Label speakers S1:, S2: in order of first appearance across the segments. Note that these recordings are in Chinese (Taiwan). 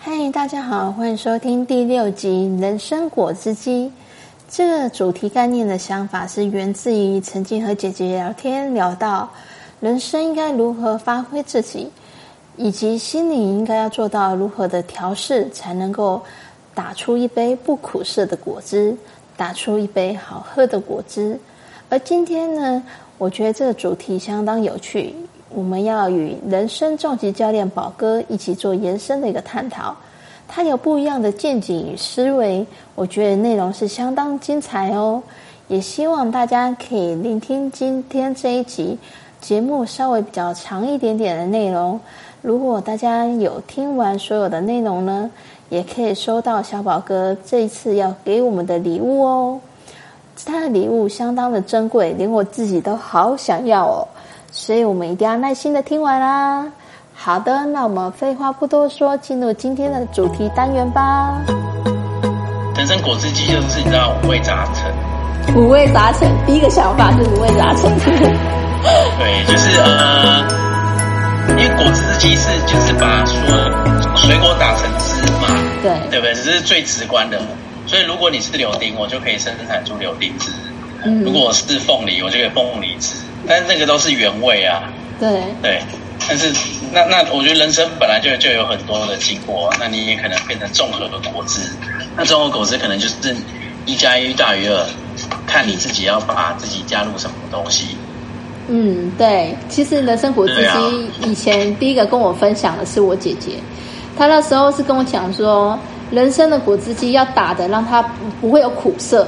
S1: 嗨、hey，大家好，歡迎收聽第六集《人生果汁機》。這個主題概念的想法是源自於曾經和姐姐聊天聊到人生應該如何發揮自己，以及心理應該要做到如何的調試，才能夠打出一杯不苦澀的果汁，打出一杯好喝的果汁。而今天呢，我覺得這個主題相當有趣。我們要與人生重擊教練寶哥一起做延伸的一個探討，他有不一樣的見解與思維，我覺得內容是相當精彩哦。也希望大家可以聆聽今天這一集節目稍微比較長一點點的內容。如果大家有聽完所有的內容呢，也可以收到小寶哥這一次要給我們的禮物哦。他的禮物相當的珍貴，連我自己都好想要哦。所以我們一定要耐心的聽完啦、啊。好的，那我們廢話不多說，進入今天的主題單元吧。
S2: 人生果汁機就是你知道五味雜陳。
S1: 五味雜陳，第一個想法就是五味雜陳。 對，
S2: 就是呃，因為果汁機是就是把說水果打成汁嘛，對，對不對？這、就是最直觀的。所以如果你是柳丁，我就可以生產出柳丁汁，
S1: 嗯、如果我
S2: 是鳳梨，我就可以鳳梨汁。但那個都是原味啊，
S1: 對，
S2: 對，但是那那我覺得人生本來就就有很多的經過，那你也可能變成綜合的果汁，那綜合果汁可能就是一加一大於二，看你自己要把自己加入什麼東西。
S1: 嗯，對，其實人生果汁機、啊、以前第一個跟我分享的是我姐姐，她那時候是跟我講說，人生的果汁機要打得讓它不會有苦澀。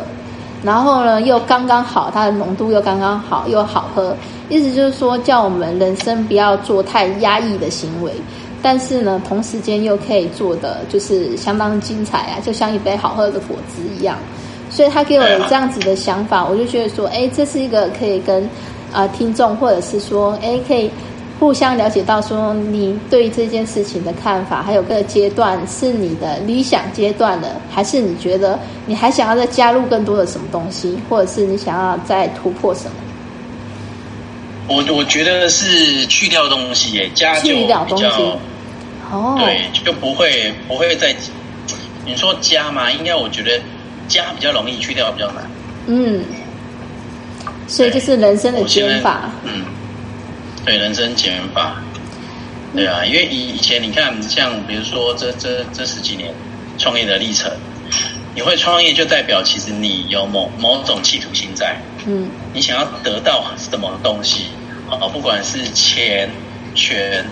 S1: 然後呢，又剛剛好，它的濃度又剛剛好，又好喝。意思就是說，叫我們人生不要做太壓抑的行為，但是呢，同時間又可以做的就是相當精彩啊，就像一杯好喝的果汁一樣。所以他給我這樣子的想法，我就覺得說，哎，這是一個可以跟啊、呃、聽眾或者是說，哎，可以。互相了解到，說你對這件事情的看法，還有各個階段是你的理想階段的，還是你覺得你還想要再加入更多的什麼東西，或者是你想要再突破什麼？
S2: 我我覺得是去掉東西，哎，加去掉東西，哦，
S1: 對，
S2: 就不會不會再。你說加嗎？應該我覺得加比較容易，去掉比較難。
S1: 嗯，所以就是人生的減法。嗯。
S2: 對人生減法，對啊，因為以以前你看，像比如說這這這十幾年創業的歷程，你會創業就代表其實你有某某種企圖心在，嗯，你想要得到是什麼東西啊？不管是錢、權、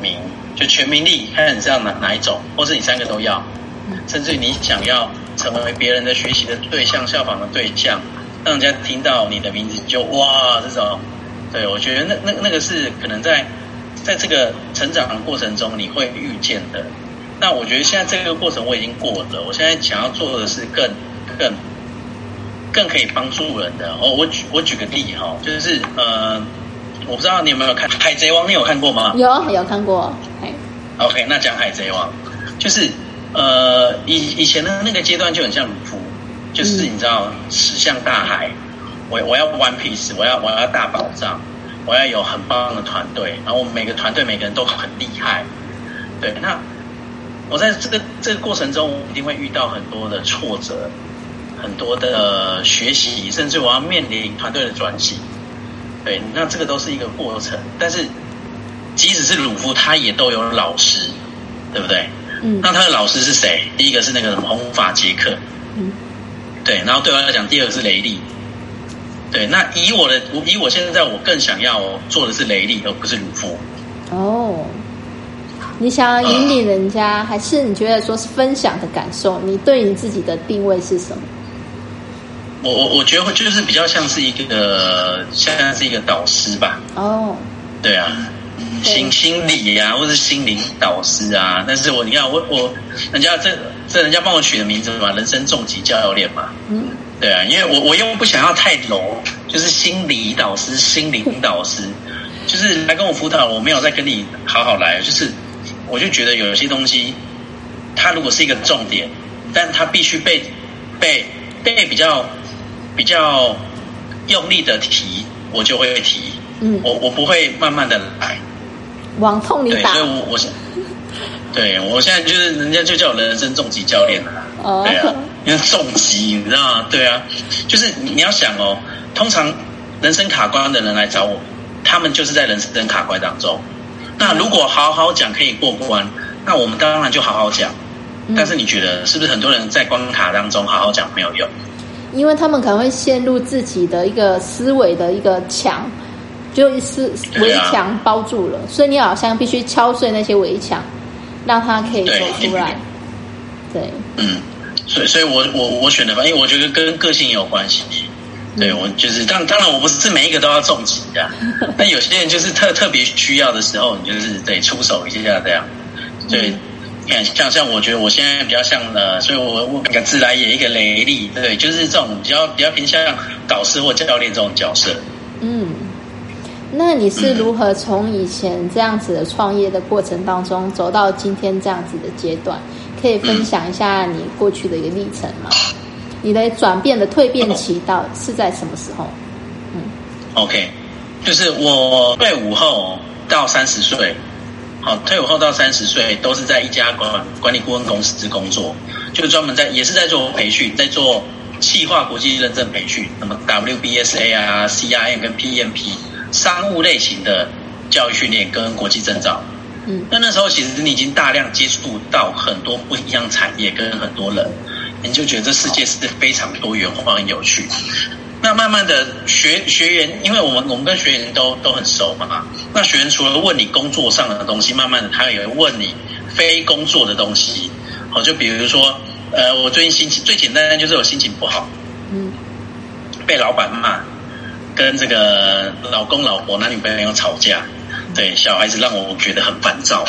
S2: 名，就權名利，看你是要哪哪一種，或是你三個都要，甚至你想要成為別人的學習的對象、效仿的對象，讓人家聽到你的名字就哇這種。對，我覺得那那那個是可能在，在這個成長的過程中你會遇見的。那我覺得現在這個過程我已經過了，我現在想要做的是更更更可以幫助人的。哦，我舉我舉個例哈、哦，就是呃，我不知道你有沒有看《海賊王》，你有看過嗎？有有看過。OK，那講《海賊王》，就是呃，以以前的那個階段就很像魯夫，就是你知道，駛、嗯、向大海。我我要 One Piece，我要我要大寶藏，我要有很棒的團隊，然後我們每個團隊每個人都很厲害，對。那我在這個這個過程中我一定會遇到很多的挫折，很多的學習，甚至我要面臨團隊的轉型。對。那這個都是一個過程，但是即使是魯夫，他也都有老師，對不對？嗯。那他的老師是誰？第一個是那個什麼紅髮傑克。嗯。對，然後對我來講，第二個是雷利。對，那以我的，我以我現在，我更想要做的是雷利，而不是魯夫。
S1: 哦、oh,，你想要引領人家，uh, 還是你覺得說是分享的感受？你對你自己的定位是什麼？
S2: 我我我覺得就是比較像是一個，像是一個導師吧。
S1: 哦、oh, okay.，
S2: 對啊，心心理呀、啊，或者是心靈導師啊。但是我你看，我我人家這這人家幫我取的名字嘛，人生重擊教，教練嘛。嗯。對啊，因為我我又不想要太柔，就是心理導師、心靈導師，就是來跟我輔導。我沒有再跟你好好來，就是我就覺得有些東西，它如果是一個重點，但它必須被被被比較比較用力的提，我就會提。嗯，我我不會慢慢的來，
S1: 往痛裡打。對，
S2: 所以我我，對我現在就是人家就叫我人生重擊教練了。哦，對啊。哦 okay 因為重擊，你知道嗎？對啊，就是你要想哦，通常人生卡關的人來找我，他們就是在人生卡關當中。那如果好好講可以過關，那我們當然就好好講。但是你覺得是不是很多人在關卡當中好好講沒有用？
S1: 嗯、因為他們可能會陷入自己的一個思維的一個牆，就是、啊、圍牆包住了，所以你好像必須敲碎那些圍牆，讓他可以走出來。對，嗯。
S2: 所以，所以我我我選的，吧，因為我覺得跟個性有關係。對我就是當當然我不是每一個都要重擊這樣。那有些人就是特特別需要的時候，你就是得出手一下這樣。對，你、嗯、看像像我覺得我現在比較像的、呃，所以我我一個自來也，一個雷利，對，就是這種比較比較偏向導師或教練這種角色。
S1: 嗯，那你是如何從以前這樣子的創業的過程當中、嗯、走到今天這樣子的階段？可以分享一下你過去的一個歷程嗎？嗯、你的轉變的蛻變期到是在什麼時候？嗯
S2: ，OK，就是我退伍後到三十歲，好，退伍後到三十歲都是在一家管管理顧問公司之工作，就是專門在也是在做培訓，在做企劃國際認證培訓，那麼 WBSA 啊、CRM 跟 PMP 商務類型的教育訓練跟國際證照。那那時候，其實你已經大量接觸到很多不一樣產業跟很多人，你就覺得這世界是非常多元化、很有趣。那慢慢的學學員，因為我們我們跟學員都都很熟嘛。那學員除了問你工作上的東西，慢慢的他也會問你非工作的東西。好，就比如說，呃，我最近心情最簡單的就是我心情不好，嗯，被老闆罵，跟這個老公老婆男女朋友吵架。對，小孩子讓我覺得很煩躁，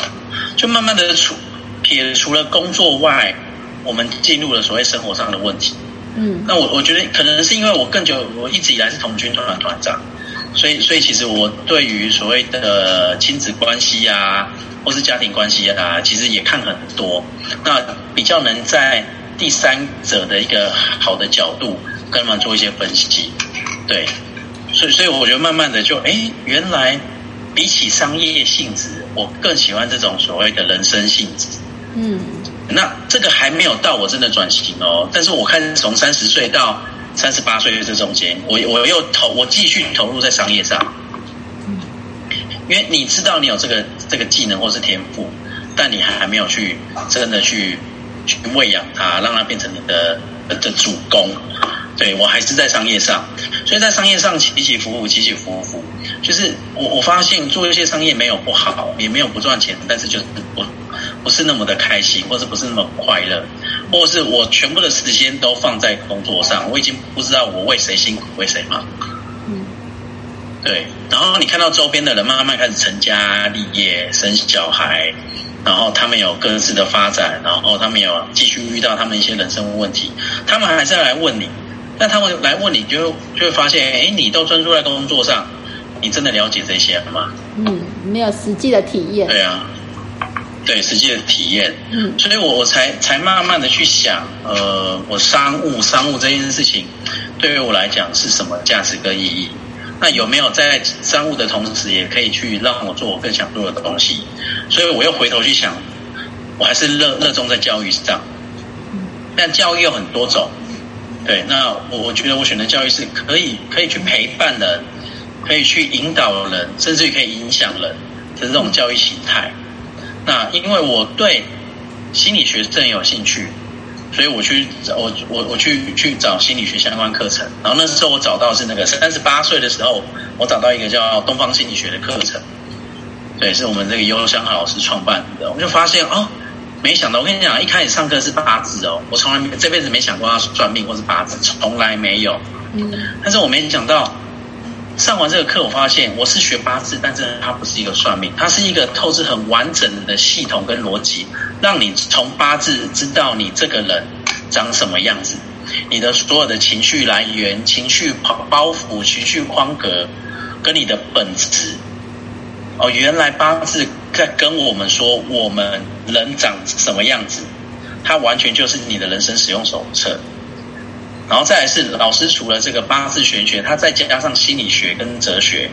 S2: 就慢慢的除撇除了工作外，我們進入了所謂生活上的問題。嗯，那我我覺得可能是因為我更久，我一直以來是童軍團團長，所以所以其實我對於所謂的親子關係啊，或是家庭關係啊，其實也看很多，那比較能在第三者的一個好的角度跟他們做一些分析。對，所以所以我覺得慢慢的就哎、欸，原來。比起商業性質，我更喜歡這種所謂的人生性質。嗯，那這個還沒有到我真的轉型哦。但是我看從三十歲到三十八歲這中間，我我又投，我繼續投入在商業上。嗯，因為你知道你有這個這個技能或是天賦，但你還沒有去真的去去餵養它，讓它變成你的、呃、的主攻。對，我還是在商業上，所以在商業上起起伏伏，起起伏伏。就是我我發現做一些商業沒有不好，也沒有不賺錢，但是就是不不是那麼的開心，或者不是那麼快樂，或是我全部的時間都放在工作上，我已經不知道我為誰辛苦，為誰忙。嗯。對，然後你看到周邊的人慢慢開始成家立業、生小孩，然後他們有各自的發展，然後他們有繼續遇到他們一些人生問題，他們還是要來問你。那他們來問你就就會發現，哎，你都專注在工作上，你真的了解這些了嗎？嗯，
S1: 沒有實際的體驗。
S2: 對啊，對，實際的體驗。嗯。所以我我才才慢慢的去想，呃，我商務商務這件事情，對於我來講是什麼價值跟意義？那有沒有在商務的同時，也可以去讓我做我更想做的東西？所以我又回頭去想，我還是熱熱衷在教育上。嗯。但教育有很多種。對，那我我覺得我選擇教育是可以可以去陪伴人，可以去引導人，甚至可以影響人的這，這種教育形態。那因為我對心理學真有興趣，所以我去找我我我去去找心理學相關課程。然後那時候我找到是那個三十八歲的時候，我找到一個叫東方心理學的課程。對，是我們這個游祥禾老師創辦的，我就發現啊。哦沒想到，我跟你講，一開始上課是八字哦，我從來沒這輩子沒想過要算命或是八字，從來沒有。嗯，但是我沒想到上完這個課，我發現我是學八字，但是它不是一個算命，它是一個透支很完整的系統跟邏輯，讓你從八字知道你這個人長什麼樣子，你的所有的情緒來源、情緒包袱、情緒、情緒框格，跟你的本質。哦，原來八字。在跟我們說，我們人長什麼樣子，它完全就是你的人生使用手冊。然後再來是老師，除了這個八字玄學，他再加上心理學跟哲學，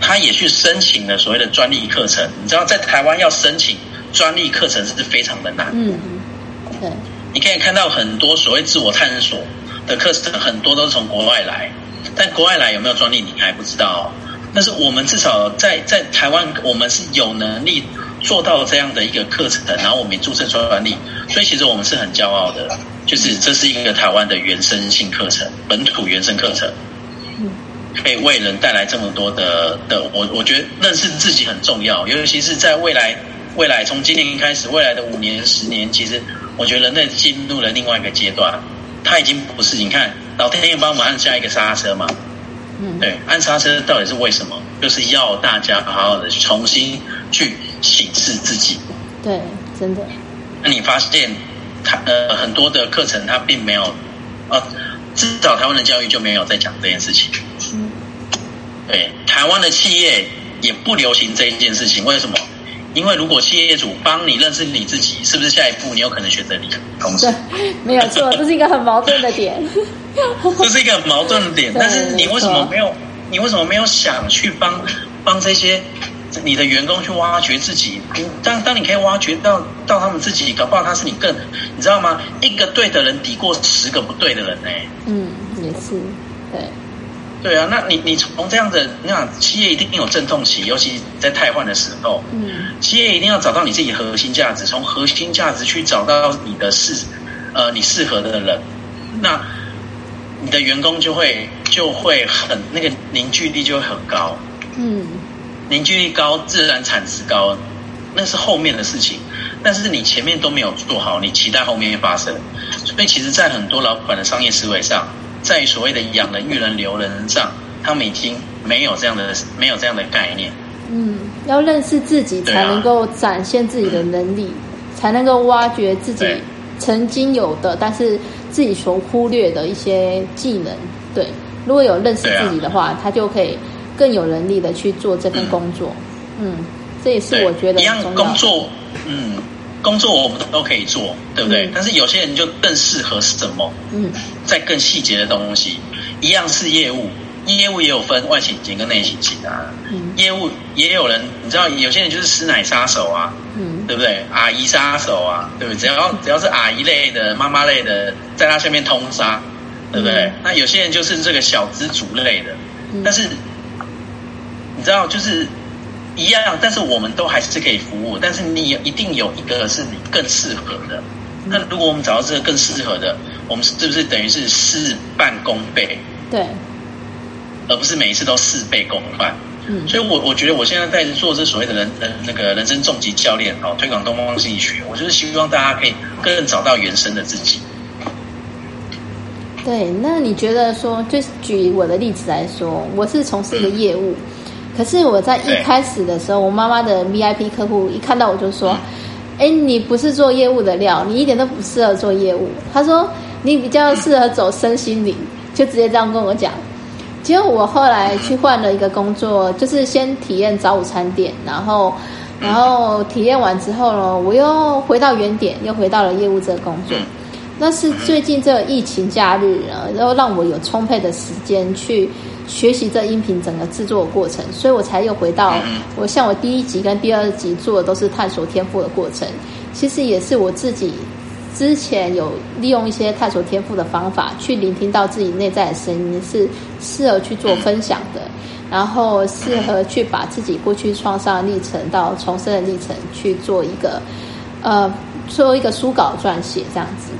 S2: 他也去申請了所謂的專利課程。你知道在台灣要申請專利課程是不是非常的難的？嗯，
S1: 對。
S2: 你可以看到很多所謂自我探索的課程，很多都是從國外來，但國外來有沒有專利，你還不知道。但是我們至少在在台灣，我們是有能力做到這樣的一個課程的。然後我們也註冊雙專利，所以其實我們是很驕傲的。就是這是一個台灣的原生性課程，本土原生課程，可以為人帶來這麼多的的。我我覺得認識自己很重要，尤其是在未來未來從今年開始，未來的五年十年，其實我覺得人類進入了另外一個階段，它已經不是你看老天爺幫我們按下一個剎車嘛。嗯，對，按剎車到底是為什麼？就是要大家好好的重新去審視自己。
S1: 對，真
S2: 的。那你發現，呃，很多的課程他並沒有，呃，至少台灣的教育就沒有在講這件事情。嗯。對，台灣的企業也不流行這一件事情，為什麼？因為如果企業業主幫你認識你自己，是不是下一步你有可能選擇離開公司？對，沒
S1: 有錯， 這是一個很矛盾的點，
S2: 這是一個很矛盾的點。但是你為什麼沒有？沒你為什麼沒有想去幫幫這些你的員工去挖掘自己？當當你可以挖掘到到他們自己，搞不好他是你更你知道嗎？一個對的人抵過十個不對的人呢、欸。嗯，
S1: 也是對。
S2: 對啊，那你你從這樣的，你想企業一定有陣痛期，尤其在太換的時候。嗯，企業一定要找到你自己核心價值，從核心價值去找到你的適，呃，你適合的人，那你的員工就會就會很那個凝聚力就會很高。嗯，凝聚力高，自然產值高，那是後面的事情。但是你前面都沒有做好，你期待後面發生，所以其實在很多老闆的商業思維上。在所謂的養人、育人、留人上，他們已經沒有這樣的沒有這樣的概念。嗯，
S1: 要認識自己才能夠展現自己的能力，啊嗯、才能夠挖掘自己曾經有的，但是自己所忽略的一些技能。對，如果有認識自己的話，啊、他就可以更有能力的去做這份工作。嗯，嗯這也是我覺得
S2: 一樣工作。嗯。工作我們都可以做，對不對？嗯、但是有些人就更適合是什麼？嗯，在更細節的東西，一樣是業務，業務也有分外勤型跟內勤型啊。業、嗯、業務也有人，你知道，有些人就是師奶殺手啊，嗯，對不對？阿姨殺手啊，對不對？只要、嗯、只要是阿姨類的、媽媽類的，在他下面通殺，對不對？嗯、那有些人就是這個小資族類的，嗯、但是你知道，就是。一樣，但是我們都還是可以服務，但是你一定有一個是你更適合的。那、嗯、如果我們找到這個更適合的，我們是不是等於是事半功倍？對，而不是每一次都事倍功半。嗯，所以我，我我覺得我現在在做這所謂的人人那個人生重擊教練哦，推廣東方心理學，我就是希望大家可以更能找到原生的自己。
S1: 對，那你覺得說，就舉我的例子來說，我是從事一個業務。嗯可是我在一開始的時候，我媽媽的 VIP 客戶一看到我就說：“哎，你不是做業務的料，你一點都不適合做業務。”他說：“你比較適合走身心靈。”就直接這樣跟我講。結果我後來去換了一個工作，就是先體驗早午餐店，然後然後體驗完之後呢，我又回到原點，又回到了業務這個工作。那是最近這個疫情假日，然後讓我有充沛的時間去。學習這音頻整個制作的過程，所以我才又回到，我像我第一集跟第二集做的都是探索天賦的過程，其實也是我自己之前有利用一些探索天賦的方法去聆聽到自己內在的聲音，是適合去做分享的，然後適合去把自己過去創傷的歷程到重生的歷程去做一個呃做一個書稿撰寫這樣子，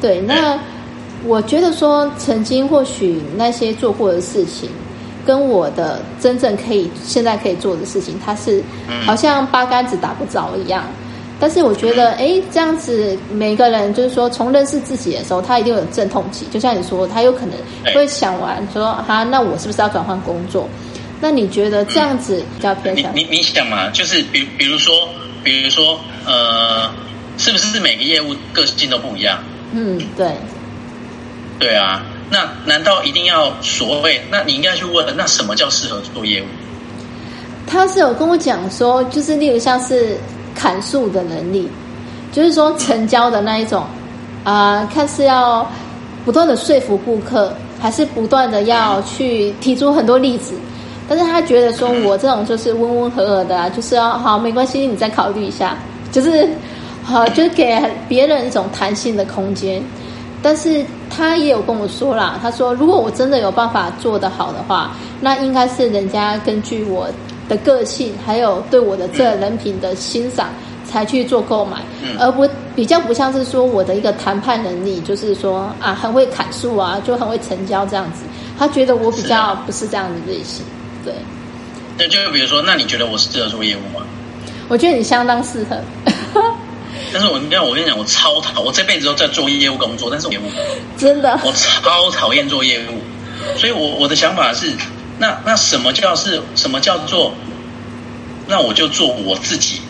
S1: 對那。我覺得說，曾經或許那些做過的事情，跟我的真正可以現在可以做的事情，它是好像八竿子打不着一樣。但是我覺得，哎、嗯，這樣子每個人就是說，從認識自己的時候，他一定有陣痛期。就像你說，他有可能會想完說，哈、啊，那我是不是要轉換工作？那你覺得這樣子比較偏向？嗯、
S2: 你你，你想嘛，就是比比如說，比如說，呃，是不是每個業務個性都不一樣？
S1: 嗯，對。
S2: 對啊，那難道一定要所謂？那你應該去問，那什麼叫適合做業務？
S1: 他是有跟我講說，就是例如像是砍樹的能力，就是說成交的那一種啊、呃，看是要不斷的說服顧客，還是不斷的要去提出很多例子。但是他覺得說我這種就是溫溫和和的，啊，就是要、啊、好沒關係，你再考慮一下，就是好，就給別人一種彈性的空間，但是。他也有跟我說啦，他說，如果我真的有辦法做得好的話，那應該是人家根據我的個性，還有對我的這人品的欣賞，才去做購買，嗯、而不比較不像是說我的一個談判能力，就是說啊很會砍數啊，就很會成交這樣子，他覺得我比較不是這樣子類型，對。那、
S2: 啊、就比如說，那你覺得我是適合做業務嗎、
S1: 啊？我覺得你相當適合。
S2: 但是我你我跟你講，我超討，我這輩子都在做業務工作。但是我真的，我超討厭做業務。所以，我我的想法是，那那什麼叫、就是什麼叫做？那我就做我自己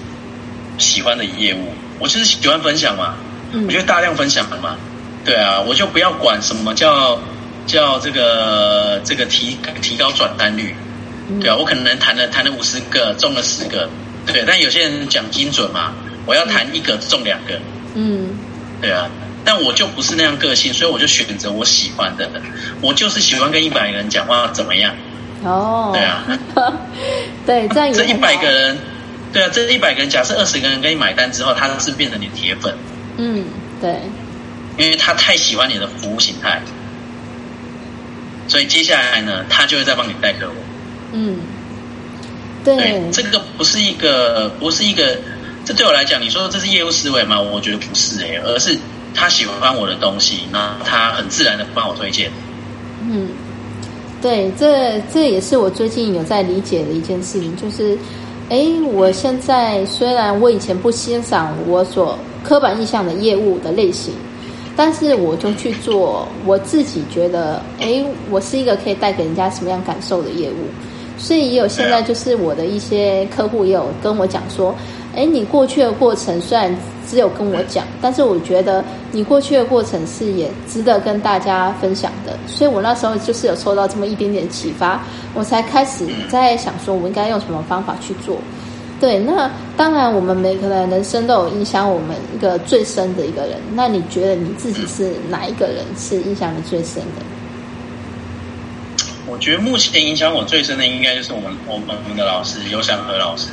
S2: 喜歡的業務。我就是喜歡分享嘛，我覺得大量分享嘛、嗯。對啊，我就不要管什麼叫叫這個這個提提高轉單率、嗯。對啊，我可能能談了談了五十個，中了十個。對，但有些人講精準嘛。我要談一個中兩個，嗯，對啊，但我就不是那樣個性，所以我就選擇我喜歡的，我就是喜歡跟一百個人講話，怎麼樣，
S1: 哦，對啊， 對，這一
S2: 百個人，對啊，這一百個人，假設二十個人跟你買單之後，他是變成你鐵粉，嗯，
S1: 對，因
S2: 為他太喜歡你的服務形態，所以接下來呢，他就會再幫你帶客戶，嗯，對，對這個不是一個，不是一個。這對我來講，你說這是業務思維嗎？我覺得不是誒，而是他喜歡我的東西，那他很自然的幫我推薦。嗯，
S1: 對，這這也是我最近有在理解的一件事情，就是，誒，我現在雖然我以前不欣賞我所刻板印象的業務的類型，但是我就去做我自己覺得，誒，我是一個可以帶給人家什麼樣感受的業務，所以也有現在就是我的一些客戶也有跟我講說。哎，你過去的過程雖然只有跟我講，但是我覺得你過去的過程是也值得跟大家分享的。所以我那時候就是有受到這麼一點點啟發，我才開始在想說我們應該用什麼方法去做。嗯、對，那當然，我們每個人的人生都有影響我們一個最深的一個人。那你覺得你自己是哪一個人是影響你最深的？我覺得
S2: 目前影響我最深的應該就是我們我，我，我們的老師尤香和老師。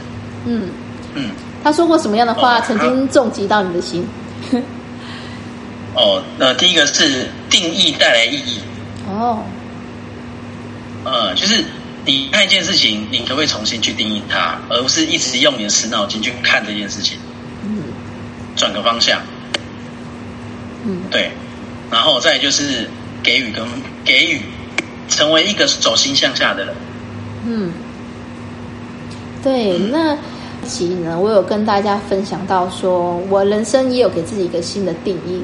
S1: 嗯嗯。他說過什麼樣的話，oh, 曾經重擊到你的心？
S2: 哦 oh，那第一個是定義帶來意義。
S1: 哦 oh，
S2: 呃，就是你看一件事情，你可不可以重新去定義它，而不是一直用你的死腦筋去看這件事情？嗯，轉個方向。嗯，對。然後再就是給予跟給予，成為一個走心向下的人。嗯，
S1: 對，那。實呢，我有跟大家分享到說，說我人生也有給自己一個新的定義，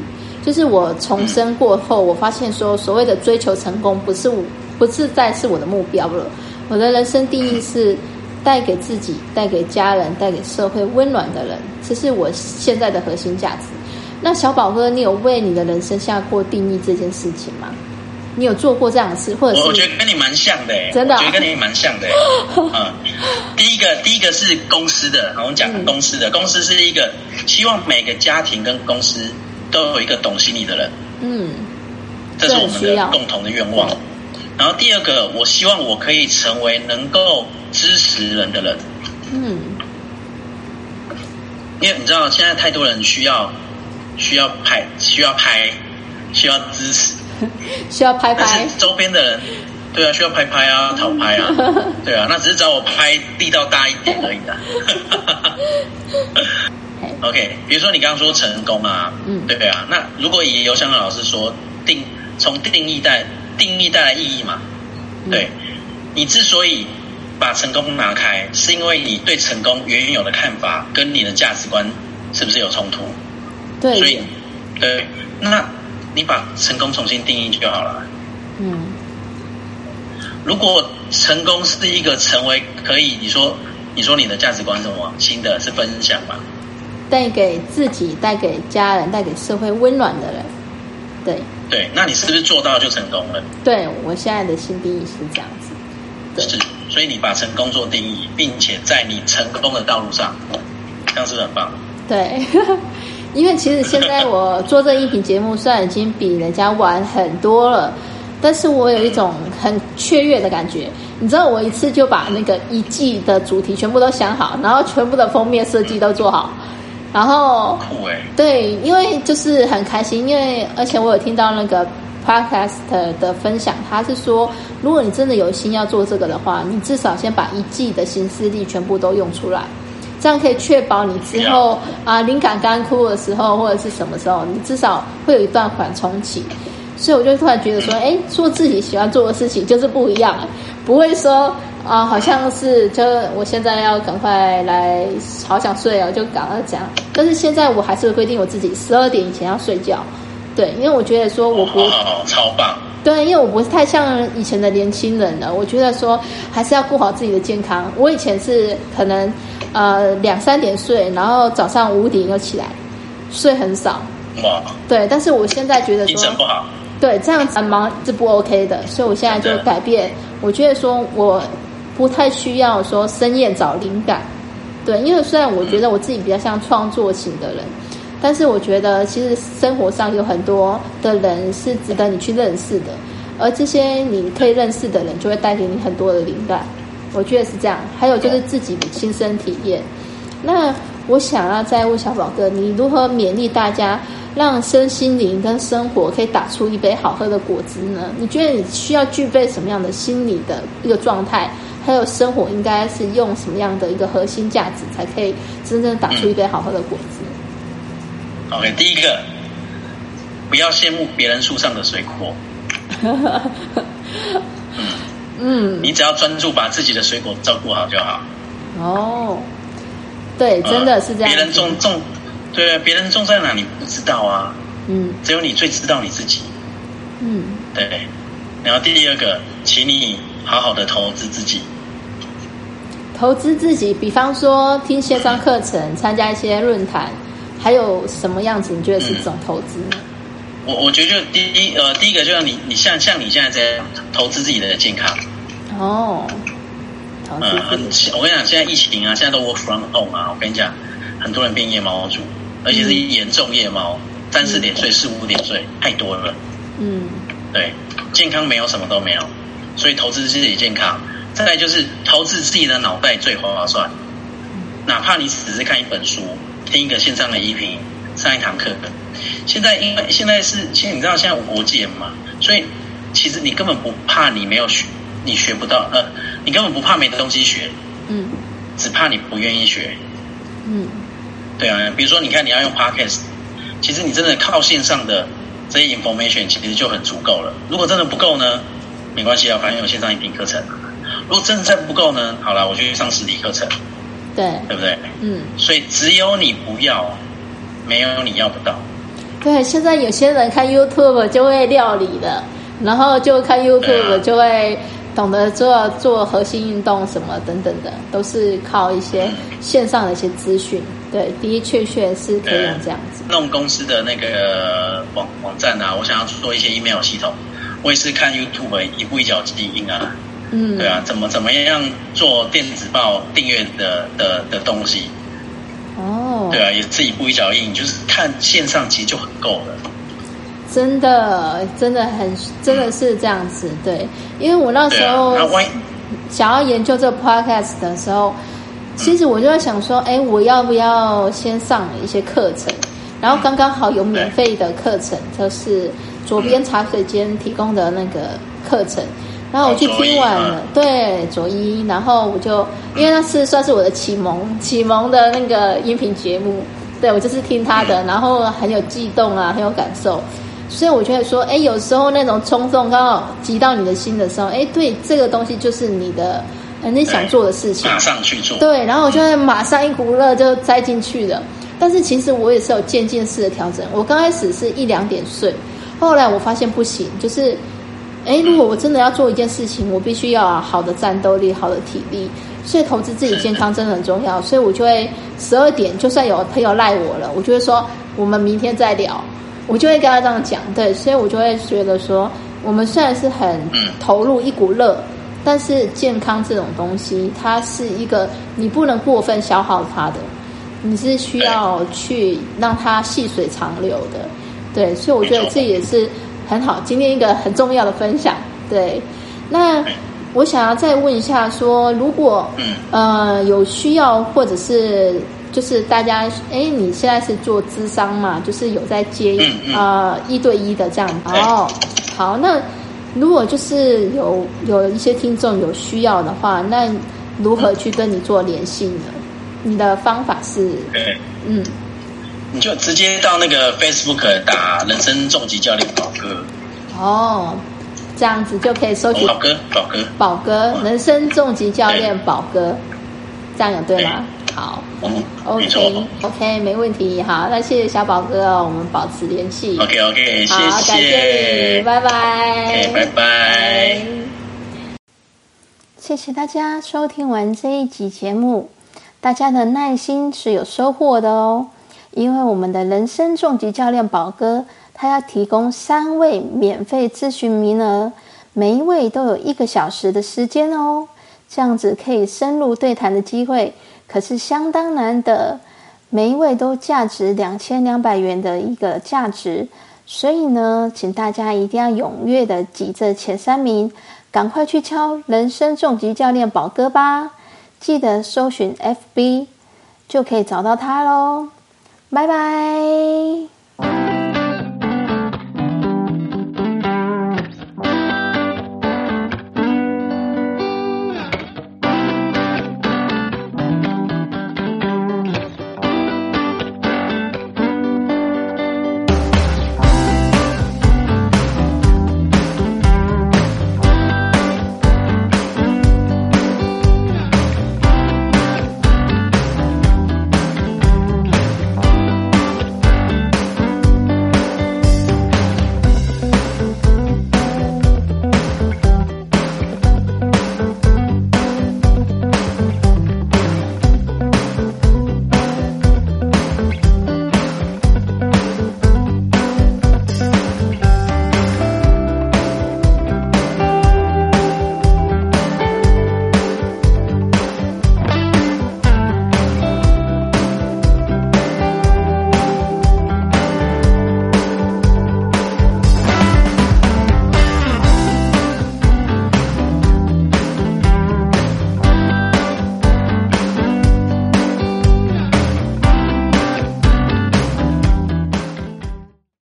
S1: 就是我重生過後，我發現說，所謂的追求成功不是不再是我的目標了。我的人生定義是帶給自己、帶給家人、帶給社會溫暖的人，這是我現在的核心價值。那小寶哥，你有為你的人生下過定義這件事情嗎？你有做過這樣的事，
S2: 或者是？我覺得跟你蠻像的。欸，真的、哦， 我覺得跟你蠻像的。欸。嗯、呃，第一個，第一個是公司的，我們講公司的、嗯、公司是一個希望每個家庭跟公司都有一個懂心理的人。嗯，這是我們的共同的願望。然後第二個，我希望我可以成為能夠支持人的人。嗯，因為你知道，現在太多人需要需要拍需要拍需要支持。
S1: 需要拍拍，但是
S2: 周邊的人。對啊，需要拍拍啊，討拍啊！ 對啊，那只是找我拍力道大一點而已的、啊。 OK，比如說你剛剛說成功啊，嗯，對不對啊？那如果以尤香的老師說定，從定義帶定義帶來意義嘛。對、嗯，你之所以把成功拿開，是因為你對成功原有的看法跟你的價值觀是不是有衝突？對，所以對那。你把成功重新定義就好了。嗯。如果成功是一個成為可以，你說你說你的價值觀是什麼？新的是分享吧，
S1: 帶給自己、帶給家人、帶給社會溫暖的人。對。
S2: 對，那你是不是做到就成功了？
S1: 對我現在的新定義是這樣子。
S2: 是，所以你把成功做定義，並且在你成功的道路上，嗯、這樣是不是很棒？
S1: 對。 因為其實現在我做這音頻節目，雖然已經比人家晚很多了，但是我有一種很雀躍的感覺。你知道，我一次就把那個一季的主題全部都想好，然後全部的封面設計都做好，然後對，因為就是很開心，因為而且我有聽到那個 podcaster 的分享，他是說，如果你真的有心要做這個的話，你至少先把一季的新思力全部都用出來。這樣可以確保你之後啊呃、靈感乾枯的時候，或者是什麼時候，你至少會有一段緩衝期。所以我就突然覺得說，誒，做自己喜歡做的事情就是不一樣，不會說啊、呃，好像是就我現在要趕快來，好想睡啊，就趕快講。但是現在我還是規定我自己十二點以前要睡覺，對，因為我覺得說我不、哦哦、
S2: 超棒，
S1: 對，因為我不是太像以前的年輕人了。我覺得說還是要顧好自己的健康。我以前是可能。呃，兩三點睡，然後早上五點又起來，睡很少。哇，對，但是我現在覺得說，精神不好。對，這樣子忙是不 OK 的，所以我現在就改變。我覺得說我不太需要說深夜找靈感。對，因為雖然我覺得我自己比較像創作型的人，嗯，但是我覺得其實生活上有很多的人是值得你去認識的，而這些你可以認識的人就會帶給你很多的靈感。我覺得是這樣，還有就是自己的親身體驗。那我想要再問小寶哥，你如何勉勵大家，讓身心靈跟生活可以打出一杯好喝的果汁呢？你覺得你需要具備什麼樣的心理的一個狀態？還有生活應該是用什麼樣的一個核心價值，才可以真正打出一杯好喝的果汁
S2: ？OK，嗯，第一個，不要羨慕別人樹上的水果。
S1: 嗯
S2: 嗯，你只要專注把自己的水果照顧好就好。
S1: 哦，對，真的是這樣、呃。別人種
S2: 種，對，別人種在哪你不知道啊。嗯，只有你最知道你自己。
S1: 嗯，
S2: 對。然後第二個，請你好好的投資自己。
S1: 投資自己，比方說聽線上課程，參加一些論壇，還有什麼樣子？你覺得是這種
S2: 投資？呢、嗯？我我覺得就第一，呃，第一個就像你，你像像你現在這樣投資自己的健康。哦、oh, okay,，okay. 嗯，我跟你講，現在疫情啊，現在都 work from home 啊，我跟你講，很多人變夜貓族，而且是嚴重夜貓，三、嗯、四點睡，四五點睡，太多了。嗯，對，健康沒有什麼都沒有，所以投資自己健康，再來就是投資自己的腦袋最划算。嗯，哪怕你只是看一本書，聽一個線上的音頻，上一堂課。現在因為現在是，現在你知道現在無國界嘛，所以其實你根本不怕你沒有學。你學不到，呃，你根本不怕沒東西學，嗯，只怕你不願意學，
S1: 嗯，
S2: 對啊，比如說，你看你要用 Podcast，其實你真的靠線上的這些 information 其實就很足夠了。如果真的不夠呢，沒關係啊，反正有線上音頻課程。如果真的再不夠呢，好啦，我就去上實體課程，對，對不對？嗯，所以只有你不要，沒有你要不到。
S1: 對，現在有些人看 YouTube 就會料理的，然後就看 YouTube 就會。懂得做做核心運動什麼等等的，都是靠一些線上的一些資訊，嗯。對，的的確確是可以用這樣子。子、
S2: 呃。弄公司的那個網網站啊，我想要做一些 email 系統，我也是看 YouTube 一步一腳印啊。嗯，
S1: 對啊，
S2: 怎麼怎麼樣做電子報訂閱的的的東西？
S1: 哦，對啊，
S2: 也是一步一腳印，就是看線上其實就很夠了。
S1: 真的，真的很，真的是這樣子、嗯，對，因為我那時候想要研究這個 podcast 的時候，嗯、其實我就在想說，哎，我要不要先上一些課程？然後剛剛好有免費的課程，嗯、就是左邊茶水間提供的那個課程。嗯、然後我去聽完了，左一，對，左一，然後我就因為那是算是我的啟蒙，啟蒙的那個音頻節目，對，我就是聽他的，嗯、然後很有悸動啊，很有感受。所以我就會說，哎，有時候那種衝動剛好急到你的心的時候，哎，對，這個東西就是你的，你想做的事情，
S2: 馬上去做。對，
S1: 然後我就會馬上一股熱就栽進去了。但是其實我也是有漸進式的調整。我剛開始是一兩點睡，後來我發現不行，就是，哎，如果我真的要做一件事情，我必須要好的戰鬥力、好的體力，所以投資自己健康真的很重要。所以我就會十二點，就算有朋友賴我了，我就會說我們明天再聊。我就會跟他這樣講，對，所以我就會覺得說，我們雖然是很投入一股熱，但是健康這種東西，它是一個你不能過分消耗它的，你是需要去讓它細水長流的，對，所以我覺得這也是很好，今天一個很重要的分享，對。那我想要再問一下說，說如果呃有需要或者是。就是大家，哎，你現在是做諮商嘛？就是有在接、嗯嗯、呃一對一的這樣。哦，欸、好，那如果就是有有一些聽眾有需要的話，那如何去跟你做聯繫呢？嗯、你的方法是、
S2: 欸？嗯，你就直接到那個 Facebook 打“人生重擊教練
S1: 寶哥”。哦，這樣子就可以收取寶哥，寶哥，寶哥，人生重擊教練寶哥，欸、這樣有對嗎、欸？好。嗯、okay, OK OK，沒問題。好，那謝謝小寶哥哦，我們保持
S2: 聯繫。OK OK，好，謝謝感謝你，拜拜，拜、okay, 拜。
S1: 謝謝大家收聽完這一集節目，大家的耐心是有收穫的哦。因為我們的人生重擊教練寶哥，他要提供三位免費諮詢名額，每一位都有一個小時的時間哦，這樣子可以深入對談的機會。可是相當難得，每一位都價值兩千兩百元的一個價值，所以呢，請大家一定要踴躍的擠這前三名，趕快去敲人生重擊教練寶哥吧，記得搜尋 FB 就可以找到他嘍，拜拜。